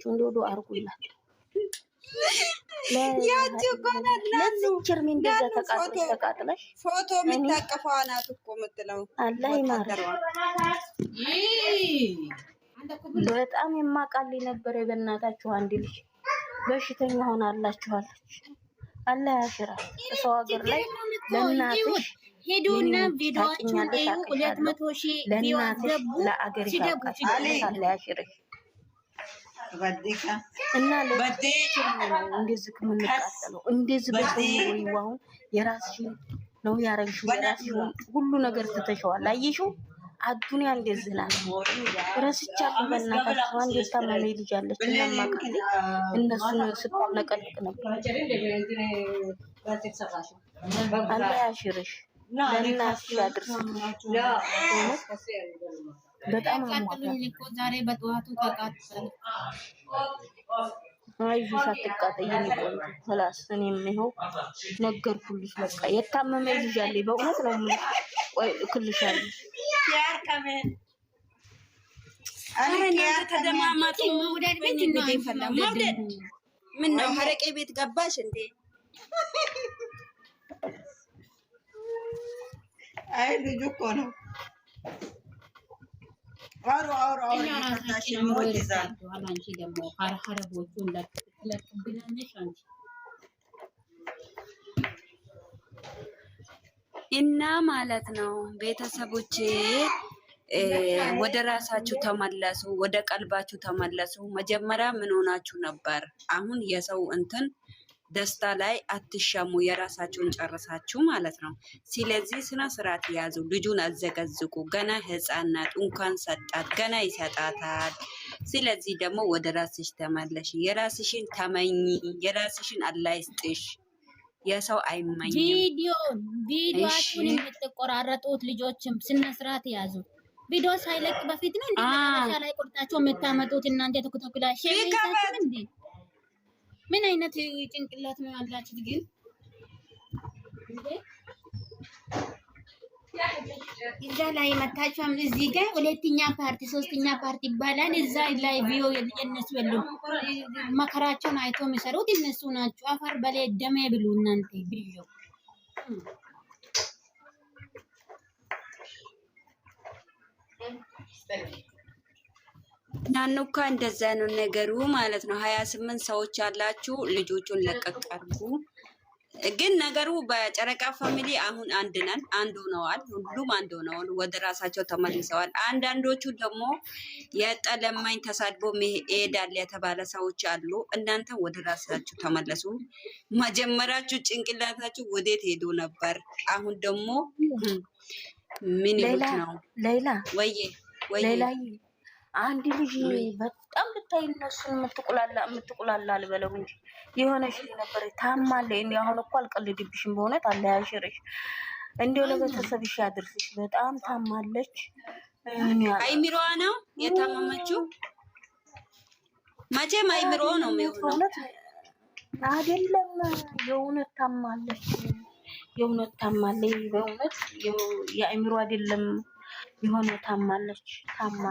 ያላችሁን ዶዶ አርጉላት። ችርሚ እንደዛ ተቃጥለሽ ተቃጥለሽ ፎቶ የሚታቀፈው እኮ የምትለው አላህ በጣም ነበረ። በእናታችሁ አንድ ልጅ በሽተኛ አላህ ሰው ሀገር ላይ ለእናትሽ ሄዱና ቪዲዮዋችሁን ሁለት መቶ ሺህ ለእናትሽ ያሽርሽ እና እንደዚህ የራስሽን ነው ያረግሽው። የራስሽን ሁሉ ነገር ትተሸዋል። አየሽው አዱንያ እንደዚህ ናት። ረስቻለሁ በእናታችሁ አንድ የታመመ ልጅ አለች እና እነሱን ስታነቀልቅ ነበር። አላህ ያሽርሽ፣ ለእናትሽ ያድርስሽ። በጣም አቃጥሉኝ እኮ ዛሬ በጠዋቱ ተቃጠሉ። አይዞሽ አትቃጠይ። ላስ እኔ የሚሆን ነገርኩልሽ። በቃ የታመመ ልጅ አለኝ። በእውነት ነው እልክልሻለሁ። ተደማማቂ መውደድ መውደድ ምን ነው? ቤት ገባሽ እንዴ? አይ ልጁ እኮ ነው አውሮ አውሮ አውሮ ታሽሞት ይዛል። አንቺ ደግሞ ሀረቦቹን ለቅብላለሽ አንቺ እና ማለት ነው ቤተሰቦች ወደ ራሳችሁ ተመለሱ፣ ወደ ቀልባችሁ ተመለሱ። መጀመሪያ ምን ሆናችሁ ነበር? አሁን የሰው እንትን ደስታ ላይ አትሻሙ፣ የራሳችሁን ጨርሳችሁ ማለት ነው። ስለዚህ ስነ ስርዓት ያዙ፣ ልጁን አዘቀዝቁ። ገና ህፃን ናት፣ እንኳን ሰጣት ገና ይሰጣታል። ስለዚህ ደግሞ ወደ ራስሽ ተመለሽ፣ የራስሽን ተመኝ፣ የራስሽን አላይስጥሽ የሰው አይመኝም። ቪዲዮ ቪዲዮአችሁን የምትቆራረጡት ልጆችም ስነ ስርዓት ያዙ። ቪዲዮ ሳይለቅ በፊት ነው እንዴ ላይ ቁርጣችሁ የምታመጡት እናንተ ቶክቶክ ላይ እንዴ? ምን አይነት ጭንቅላት ነው ያላችሁት ግን? እዛ ላይ መታችሁም እዚህ ጋር ሁለተኛ ፓርቲ ሶስተኛ ፓርቲ ይባላል። እዛ ላይ ቪዮ የነሱ ያሉ መከራቸውን አይቶ የሚሰሩት እነሱ ናቸው። አፈር በላይ ደሜ ብሉ እናንተ ብሎ ናኑካ እንደዛ ነው ነገሩ ማለት ነው። ሀያ ስምንት ሰዎች ያላችሁ ልጆቹን ለቀቅ አድርጉ። ግን ነገሩ በጨረቃ ፋሚሊ አሁን አንድ ነን፣ አንድ ሆነዋል። ሁሉም አንድ ሆነዋል፣ ወደ ራሳቸው ተመልሰዋል። አንዳንዶቹ ደግሞ የጠለማኝ ተሳድቦ ይሄዳል የተባለ ሰዎች አሉ። እናንተ ወደ ራሳችሁ ተመለሱ። መጀመራችሁ ጭንቅላታችሁ ወዴት ሄዶ ነበር? አሁን ደግሞ ምን ይሉት ነው? ሌላ ወይ ወይ አንድ ልጅ በጣም ብታይ እነሱን የምትቁላላ የምትቁላላ አልበለው እንጂ የሆነሽ ነበር ታማለ። እኔ አሁን እኮ አልቀልድብሽም፣ በእውነት አለያሽርሽ እንዲው ለቤተሰብሽ ያድርስሽ። በጣም ታማለች። አይሚሮዋ ነው የታመመችው። መቼም አይምሮ ነው የሚሆነው አይደለም። የእውነት ታማለች። የእውነት ታማለች። በእውነት የአይምሮ አይደለም የሆነ ታማለች። ታማ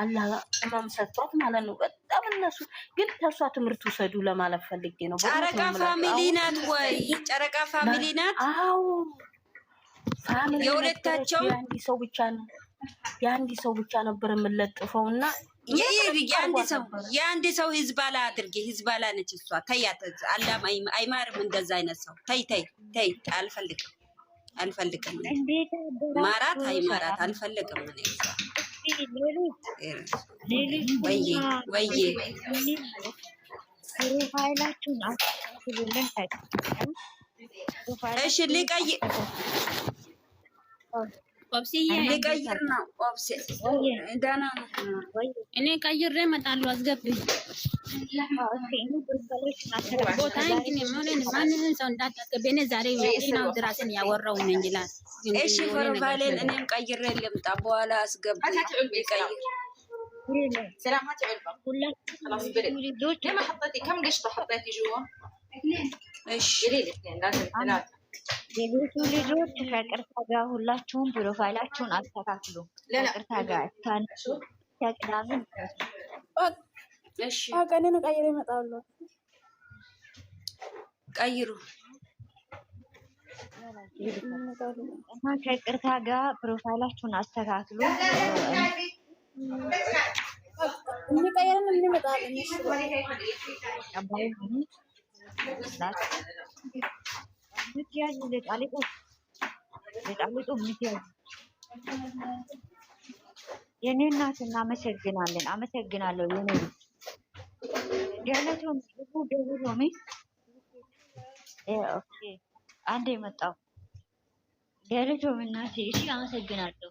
አላህ እማም ሰጥቷት ማለት ነው። በጣም እነሱ ግን ከእሷ ትምህርት ውሰዱ ለማለት ፈልጌ ነው። ጨረቃ ፋሚሊ ናት ወይ? ጨረቃ ፋሚሊ ናት። አዎ ፋሚሊ የሁለታቸው የአንድ ሰው ብቻ ነው። የአንድ ሰው ብቻ ነበር የምለጥፈው እና የአንድ ሰው ህዝባላ አድርጌ ህዝባላ ነች እሷ። ተያት አላም አይማርም። እንደዛ አይነት ሰው ተይ ተይ ተይ፣ አልፈልግም አልፈልግም። ማራት አይማራት አልፈልግም እኔ ሌሊት ሊቀይር ነው። ደህና ነው። እኔ ቀይሬ እመጣለሁ። አስገብኝ ቦታ ግን የሆነን ማንንም ሰው እንዳታስገቢ። እኔ ዛሬ ናው ድራስን ያወራው ነኝ ይላል። እሺ ፎርቫሌን እኔም ቀይሬ ልምጣ፣ በኋላ አስገብኝ ይቀይር ልጆች የቤቱ ልጆች ከቅርታ ጋር ሁላችሁም ፕሮፋይላችሁን አስተካክሉ። ከቅርታ ጋር ታንሱ ተቅዳሚ ቀንን ቀይሮ ይመጣሉ። ቀይሩ እና ከቅርታ ጋር ፕሮፋይላችሁን አስተካክሉ። እንቀይርን እንመጣለን። የምትያዥ ለጣሊጦ ለጣሊጦ የምትያዥ የኔ እናት እናመሰግናለን። አመሰግናለሁ። የኔ ገለቶም ኦኬ የመጣው ገለቶም እናቴ እሺ፣ አመሰግናለሁ።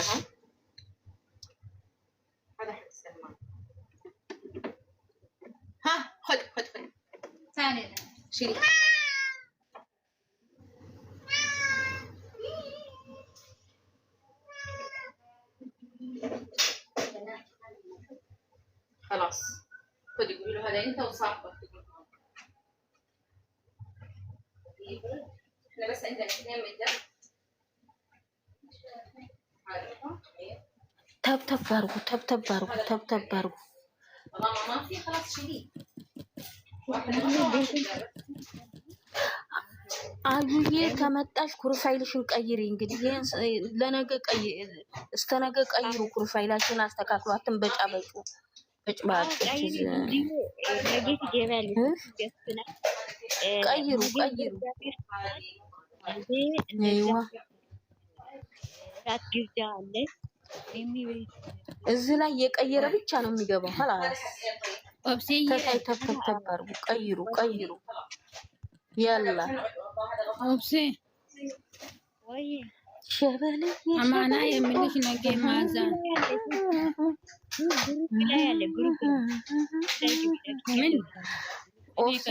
اهو فتحت السمان ها خذ خذ خذ ثاني شيلي خلاص خدي قولي له هذا انت وصاحبك إيه، احنا بس عندنا اثنين من ده ተብተብ አድርጉ፣ ተብተብ አድርጉ፣ ተብተብ አድርጉ። አዩዬ ከመጣሽ ፕሮፋይልሽን ቀይሪ። እንግዲህ ለነገ እስከ ነገ ቀይሩ፣ ፕሮፋይላሽን አስተካክሉ። አትንበጫበጩ ቀይሩ እዚህ ላይ የቀየረ ብቻ ነው የሚገባው። ኸላስ ተታይ ተፈተበሩ ቀይሩ ቀይሩ ያላ ኦፕሲ ወይ ሸበለ አማና የምልሽ ነገ ማዛ ምን ኦብሴ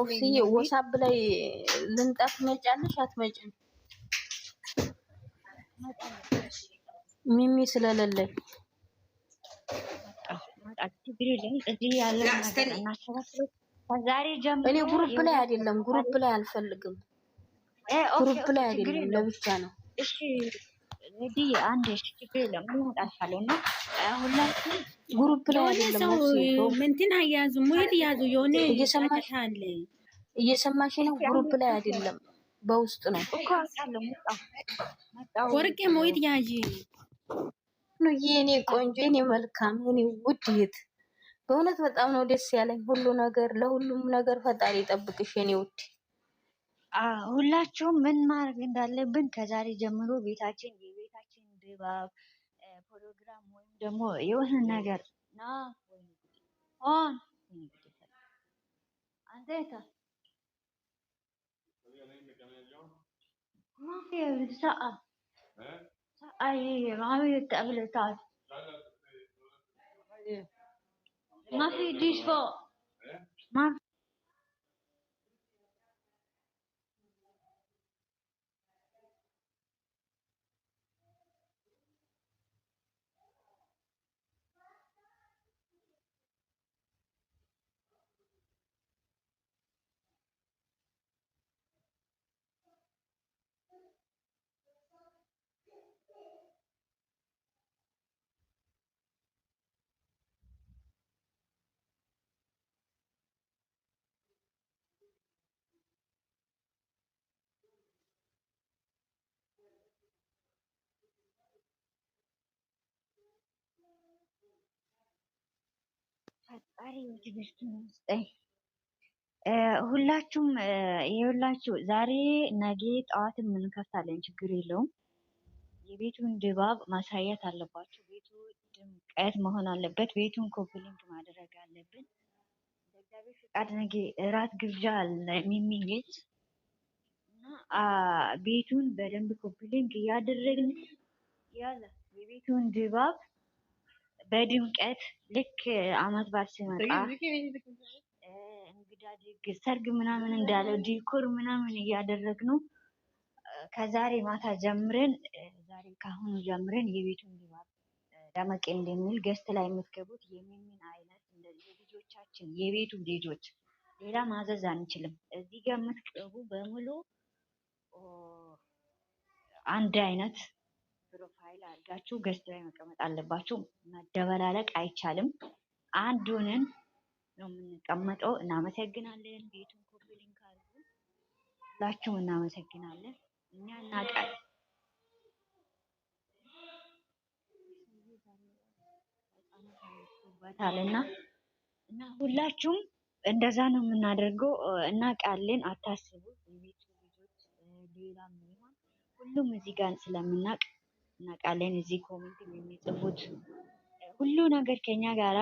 ኦፍስዬ ወሳብ ላይ ልንጣት መጫለሽ አትመጭም? ሚሚ ስለሌለኝ እኔ ጉሩፕ ላይ አይደለም፣ ጉሩፕ ላይ አልፈልግም። ጉሩፕ ላይ አይደለም፣ ለብቻ ነው። ኦልሬዲ አንድ ችግር የለም። ሁሉ መጣልፋለሁ እና ሁላችሁም ግሩፕ ላይ አይደለም ምንትን አያዙ ሙሄድ ያዙ የሆነ እየሰማሽለ እየሰማሽ ነው። ግሩፕ ላይ አይደለም በውስጥ ነው። ወርቄ ሙሄድ ያዥ የኔ ቆንጆ የኔ መልካም የኔ ውድ ይት በእውነት በጣም ነው ደስ ያለኝ። ሁሉ ነገር ለሁሉም ነገር ፈጣሪ ይጠብቅሽ የኔ ውድ። ሁላችሁም ምን ማድረግ እንዳለብን ከዛሬ ጀምሮ ቤታችን ድባብ ፕሮግራም ወይም ደግሞ የሆነ ነገር ና ወይ ሆን አንተ ما في ساعة ساعة ما في التابلتات ما في ديش فوق ما في ፈጣሪ ትዕግስቱን ይስጠኝ። ሁላችሁም የሁላችሁ ዛሬ ነገ ጠዋት እንከፍታለን፣ ችግር የለውም። የቤቱን ድባብ ማሳየት አለባችሁ። ቤቱ ድምቀት መሆን አለበት። ቤቱን ኮፕሊንግ ማድረግ አለብን። በእግዚአብሔር ፍቃድ ነገ እራት ግብዣ አለ የሚሚጌት እና ቤቱን በደንብ ኮፕሊንግ እያደረግን ያለ የቤቱን ድባብ በድምቀት ልክ አመት በዓል ሲመጣ እንግዳ ድግስ፣ ሰርግ ምናምን እንዳለው ዲኮር ምናምን እያደረግነው ከዛሬ ማታ ጀምረን ዛሬ ካሁኑ ጀምረን የቤቱን ድባብ ደመቅ እንደሚል ገስት ላይ የምትገቡት የሚምን አይነት እንደዚህ ልጆቻችን የቤቱ ልጆች ሌላ ማዘዝ አንችልም። እዚህ ጋር የምትገቡ በሙሉ አንድ አይነት ፕሮፋይል አድርጋችሁ ገስት ላይ መቀመጥ አለባችሁ። መደበላለቅ አይቻልም። አንዱንን ነው የምንቀመጠው። እናመሰግናለን። ቤቱን ኮፒ ሊንክ አድርጉ። ሁላችሁም እናመሰግናለን። እኛ እናውቃለን። እና እና ሁላችሁም እንደዛ ነው የምናደርገው። እናውቃለን፣ አታስቡ። የቤቱ ልጆች ሌላ ሁሉም እዚህ ጋር ስለምናውቅ እናውቃለን እዚህ ኮሜንት የሚጽፉት ሁሉ ነገር ከኛ ጋራ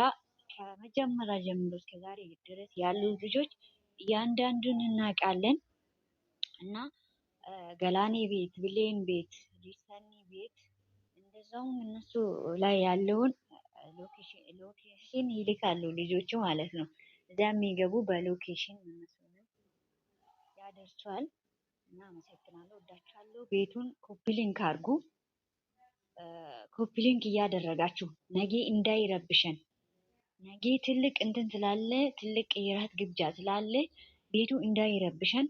ከመጀመሪያ ጀምሮ እስከ ዛሬ ድረስ ያሉ ልጆች እያንዳንዱን እናውቃለን እና ገላኔ ቤት፣ ብሌን ቤት፣ ዲሰኒ ቤት እንደዛውም እነሱ ላይ ያለውን ሎኬሽን ይልካሉ ልጆቹ ማለት ነው። እዚያ የሚገቡ በሎኬሽን እነሱን ያደርሷል እና አመሰግናለሁ። ወዳችኋለሁ። ቤቱን ኮፒ ሊንክ አድርጉ። ኮፕሊንክ እያደረጋችሁ ነገ እንዳይረብሸን ነገ ትልቅ እንትን ስላለ ትልቅ የራት ግብዣ ስላለ ቤቱ እንዳይረብሸን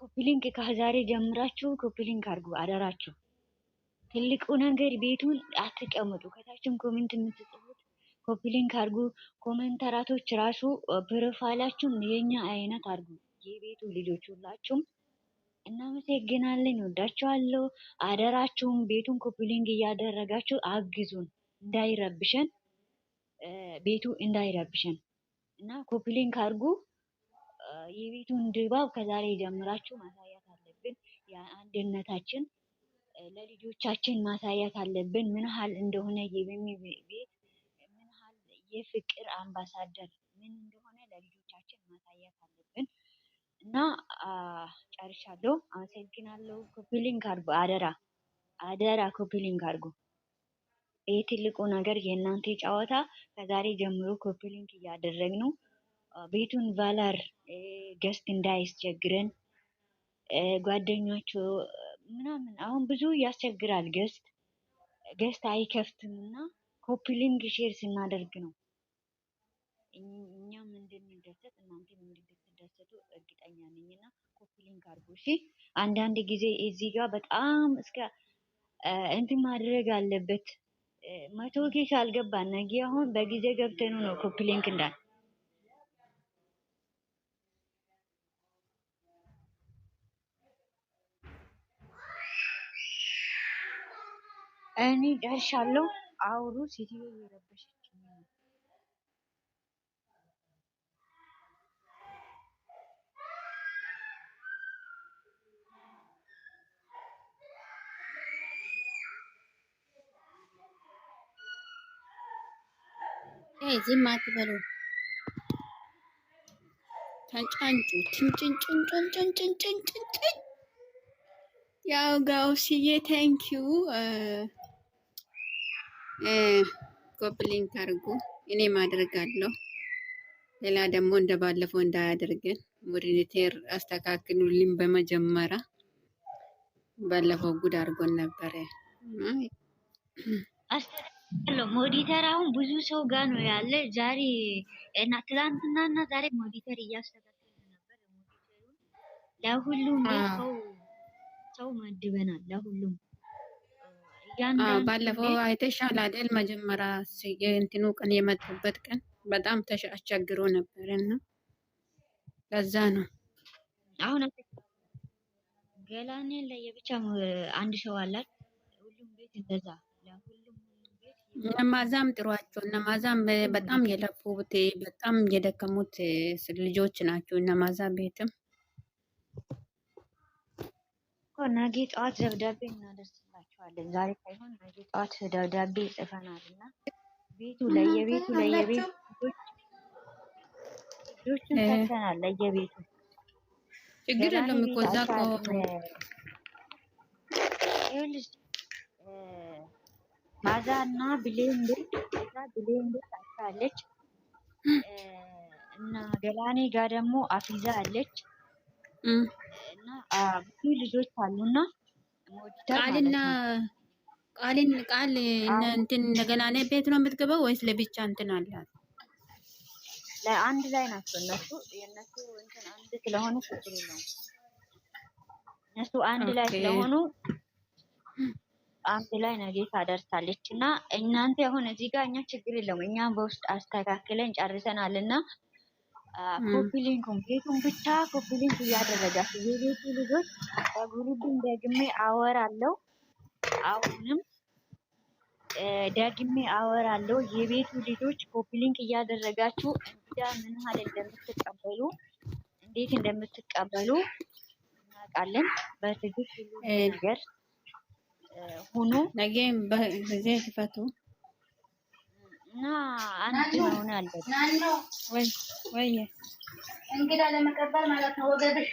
ኮፕሊንክ ከዛሬ ጀምራችሁ ኮፕሊንክ አድርጉ አደራችሁ። ትልቁ ነገር ቤቱን አትቀምጡ። ከታችን ኮሜንት የምትጽፉት ኮፒሊንክ አድርጉ። ኮመንተራቶች ራሱ ፕሮፋይላችሁም የኛ አይነት አድርጉ። የቤቱ ልጆች ሁላችሁም እናመሰግናለን እወዳችኋለሁ። አደራችሁን ቤቱን ኮፒሊንግ እያደረጋችሁ አግዙን እንዳይረብሸን ቤቱ እንዳይረብሸን እና ኮፒሊንግ አድርጉ። የቤቱን ድባብ ከዛሬ ጀምራችሁ ማሳያት አለብን። የአንድነታችን ለልጆቻችን ማሳያት አለብን ምን ያህል እንደሆነ የቤሚ ቤት ምን ያህል የፍቅር አምባሳደር ምን እንደሆነ ለልጆቻችን ማሳያት አለብን። እና ጨርሻለሁ። አመሰግናለሁ። ኮፒ ሊንክ አድርጉ አደራ፣ አደራ ኮፒሊንግ ሊንክ አድርጉ። ይህ ትልቁ ነገር የእናንተ ጨዋታ ከዛሬ ጀምሮ ኮፒሊንግ እያደረግ ነው። ቤቱን ቫላር ገስት እንዳያስቸግረን ጓደኞቹ ምናምን አሁን ብዙ ያስቸግራል። ገስት ገስት አይከፍትም እና ኮፒሊንግ ሼር ስናደርግ ነው እኛም እንድንደሰት እናንተም እንድትደሰቱ እንደምትደሰቱ እርግጠኛ ነኝ እና ኮፒሊንግ አድርጉ እሺ። አንዳንድ ጊዜ እዚህ ጋር በጣም እስከ እንትን ማድረግ አለበት። መቶ ኬ ካልገባ ነገ አሁን በጊዜ ገብተኑ ነው ኮፒ እንዳል እኔ ደርሻለሁ። አውሩ ሴትዮ እየረበሸች ዝም አትበሉ። ተንጫንጩ ትንጭንጭንጭንጭንጭንጭንጭንጭን ያው ጋውስዬ ታንኪዩ ኮፕሊንግ አድርጉ። እኔ ማድረጋለሁ። ሌላ ደግሞ እንደ ባለፈው እንዳያደርገን ሞዲኔቴር አስተካክሉልኝ። በመጀመሪያ ባለፈው ጉድ አድርጎን ነበረ። አለም ሞዲተር አሁን ብዙ ሰው ጋር ነው ያለ። ዛሬ እና ትላንትና እና ዛሬ ሞዲተር እያስተካከለ ነበር። ለሁሉም ሰው ሰው መድበናል። ለሁሉም ባለፈው አይተሻል አይደል? መጀመሪያ የእንትኑ ቀን የመጡበት ቀን በጣም አስቸግሮ ነበር እና ለዛ ነው አሁን ገላኔ ለየብቻ አንድ ሰው አላት። ሁሉም ቤት እንደዛ እነማዛም ጥሯቸው እነማዛም በጣም የለፉት በጣም የደከሙት ልጆች ናቸው። እነማዛ ቤትም ነገ ጠዋት ደብዳቤ እናደርስላቸዋለን። ዛሬ ሳይሆን ነገ ጠዋት ደብዳቤ ይጽፈናል እና ቤቱ ለየቤቱ ለየቤቱ ልጆችን ሰተናል። ለየቤቱ ችግር የለም እኮ እዛ ማዛ እና ብሌንድ ማዛ ብሌንድር አለች እና ገላኔ ጋ ደግሞ አፊዛ አለች እና ብዙ ልጆች አሉና ቃልና ቃልን ቃል እንትን እንደገና ነ ቤት ነው የምትገባው ወይስ ለብቻ እንትን አላት? ለአንድ ላይ ናቸው እነሱ የእነሱ እንትን አንድ ስለሆነ ችግር የለውም። እነሱ አንድ ላይ ስለሆኑ አንድ ላይ ነገ ታደርሳለች እና እናንተ አሁን እዚህ ጋር እኛ ችግር የለውም እኛም በውስጥ አስተካክለን ጨርሰናል እና ኮፒሊንኩም ቤቱን ብቻ ኮፒሊንክ እያደረጋችሁ የቤቱ ልጆች በጉሩብን ደግሜ አወራለሁ። አሁንም ደግሜ አወራለሁ። የቤቱ ልጆች ኮፒሊንክ እያደረጋችሁ እንግዳ ምን ያህል እንደምትቀበሉ እንዴት እንደምትቀበሉ እናውቃለን። በትዕግስት ነገር ሆኖ ነገ ጊዜ ትፈቱ እና አንድ መሆን አለብን። ወይ እንግዳ ለመቀበል ማለት ነው። ወገብሽ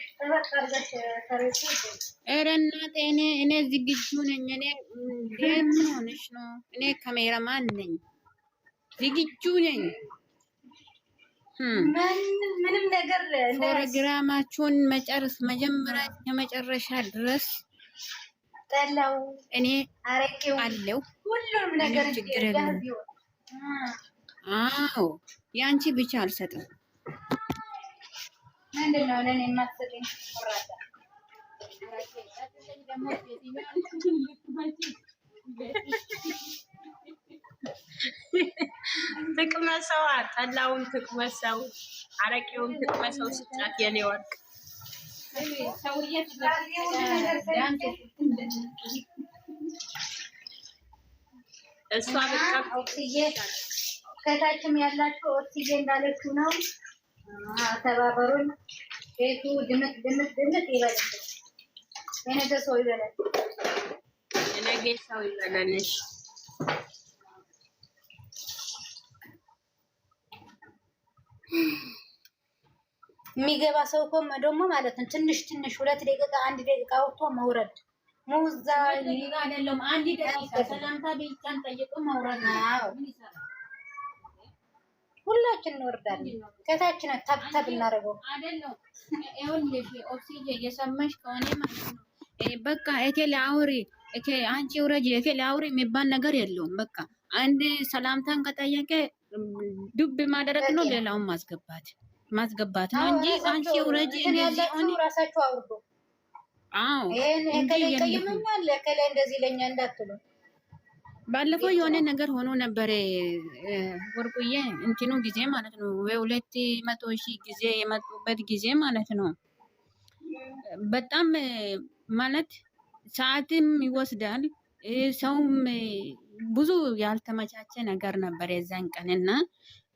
ኧረ እናቴ እኔ እኔ ዝግጁ ነኝ። እኔ ምን ሆነሽ ነው? እኔ ካሜራማን ነኝ፣ ዝግጁ ነኝ። ምንም ነገር ፕሮግራማችሁን መጨረስ መጀመሪያ ድረስ ጠላው እኔ አረቄው አለው ሁሉንም ነገር ችግር አዎ የአንቺ ብቻ አልሰጥም። ምንድነው ለኔ የማትሰጠኝ? ትቅመሰው፣ ጠላውን ትቅመሰው፣ አረቄውን ትቅመሰው። ስጫት የኔ ወርቅ እሷ ኦክሲጅን ከታችም ያላችሁ ኦክሲጅን እንዳለችው ነው። ተባበሩን። ቤቱ ድምቅ ድምቅ ድምቅ ይበላል። የነገ ሰው ይበላል። የነገ ሰው ይበላል። የሚገባ ሰው እኮ ደግሞ ማለት ነው ትንሽ ትንሽ ሁለት ደቂቃ አንድ ደቂቃ አውጥቶ መውረድ ሙዛ አይደለም አንድ ደቂቃ ሰላምታ ብቻን ጠይቆ መውረድ ሁላችን እንወርዳለን። ከታችን ታብታብ እናደርገው አይደለም። ኦክሲጅን እየሰማሽ ከሆነ ማለት ነው በቃ እቴሌ አውሪ አንቺ ውረጅ እቴሌ አውሪ የሚባል ነገር የለውም። በቃ አንድ ሰላምታን ከጠየቀ ዱብ ማደረግ ነው፣ ሌላውን ማስገባት ማስገባት ነው እንጂ አንቺ ውረጅ ያላችሁ ራሳችሁ አውርዶ አዎ ከላይ ቀይመኛል ከላይ እንደዚህ ለኛ እንዳትሉ። ባለፈው የሆነ ነገር ሆኖ ነበረ ወርቁዬ እንትኑ ጊዜ ማለት ነው ሁለት መቶ ሺህ ጊዜ የመጡበት ጊዜ ማለት ነው። በጣም ማለት ሰዓትም ይወስዳል ሰውም ብዙ ያልተመቻቸ ነገር ነበር የዛን ቀን እና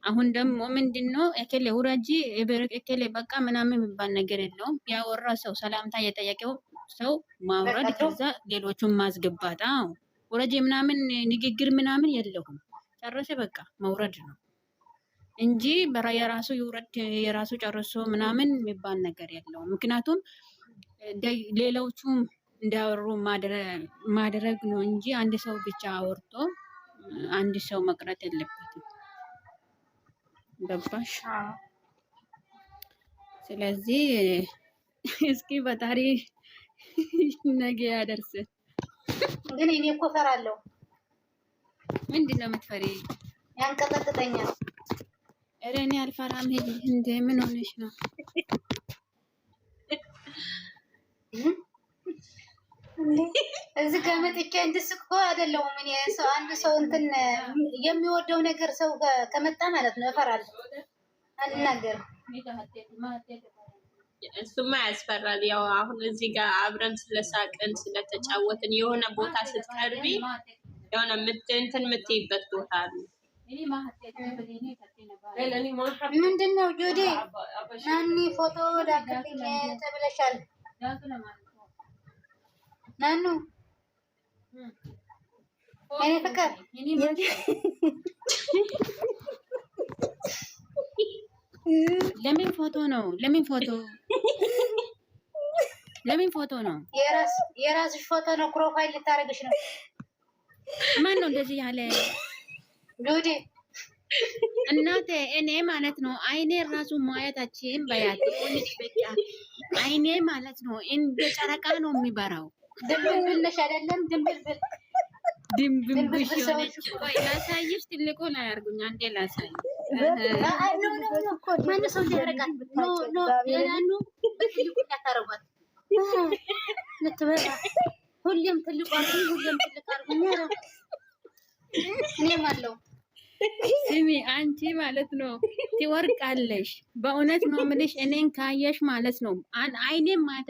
አሁን ደግሞ ምንድን ነው እከሌ ውረጂ እከሌ በቃ ምናምን የሚባል ነገር የለውም። ያወራ ሰው ሰላምታ የጠየቀው ሰው ማውረድ፣ ከዛ ሌሎቹን ማስገባት። አዎ ውረጂ ምናምን ንግግር ምናምን የለውም። ጨረሰ በቃ መውረድ ነው እንጂ የራሱ ይውረድ የራሱ ጨርሶ ምናምን የሚባል ነገር የለውም። ምክንያቱም ሌሎቹ እንዳወሩ ማድረግ ነው እንጂ አንድ ሰው ብቻ አውርቶ አንድ ሰው መቅረት የለብም። ገባሽ? ስለዚህ እስኪ ፈጣሪ ነገ ያደርስን። ግን እኔ እኮ እፈራለሁ። ምንድን ነው የምትፈሪ? ያንቀጠቅጠኛል። ኧረ እኔ አልፈራም። ሂጂ እንደ ምን ሆነሽ ነው? እዚህ ከመጥቼ እንድስ እኮ አይደለሁም እኔ ሰው አንድ ሰው እንትን የሚወደው ነገር ሰው ከመጣ ማለት ነው እፈራለሁ፣ አልናገርም። እሱማ ያስፈራል። ያው አሁን እዚህ ጋር አብረን ስለሳቅን ስለተጫወትን የሆነ ቦታ ስትቀርቢ የሆነ እንትን የምትይበት ቦታ አለ። ምንድን ነው ጆዴ ናኒ ፎቶ ዳክልኝ ተብለሻል። ናኑ እኔ ፍቅር ለምን ፎቶ ነው? ለምን ፎቶ ለምን ፎቶ ነው? የራስሽ ፎቶ ነው። ፕሮፋይል ልታደርግሽ ነው። ማን ነው እንደዚህ ያለ? ሉዴ እናቴ፣ እኔ ማለት ነው። አይኔ ራሱ ማየታችን በያት አይኔ ማለት ነው እንደ ጨረቃ ነው የሚበራው ድንብልብል ነሽ አይደለም? ድንብልብል ድንብልብል ላሳይሽ። ትልቁን አያርጉኝ። አንዴ ላሳይ ትልቁ ያታረጓት አለው ስሚ አንቺ ማለት ነው ትወርቃለሽ። በእውነት ነው የምልሽ። እኔን ካየሽ ማለት ነው አይኔም ማየት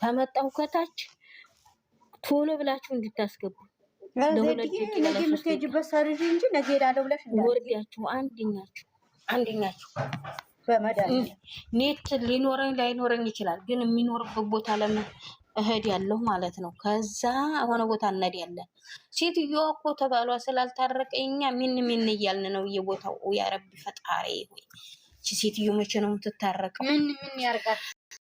ከመጣሁ ከታች ቶሎ ብላችሁ እንድታስገቡ የምትሄጂበት ሰርዥ እንጂ ነገ ብለሽ ወርዳችሁ ኔት ሊኖረኝ ላይኖረኝ ይችላል። ግን የሚኖርበት ቦታ ለምን እህድ ያለሁ ማለት ነው። ከዛ የሆነ ቦታ እንሄድ ያለን ሴትዮዋ እኮ ተባሏ ስላልታረቀ እኛ ምን ምን እያልን ነው እየቦታው ያረብ ፈጣሪ ሆይ ሴትዮ መቼ ነው የምትታረቀው? ምን ምን ያርጋል?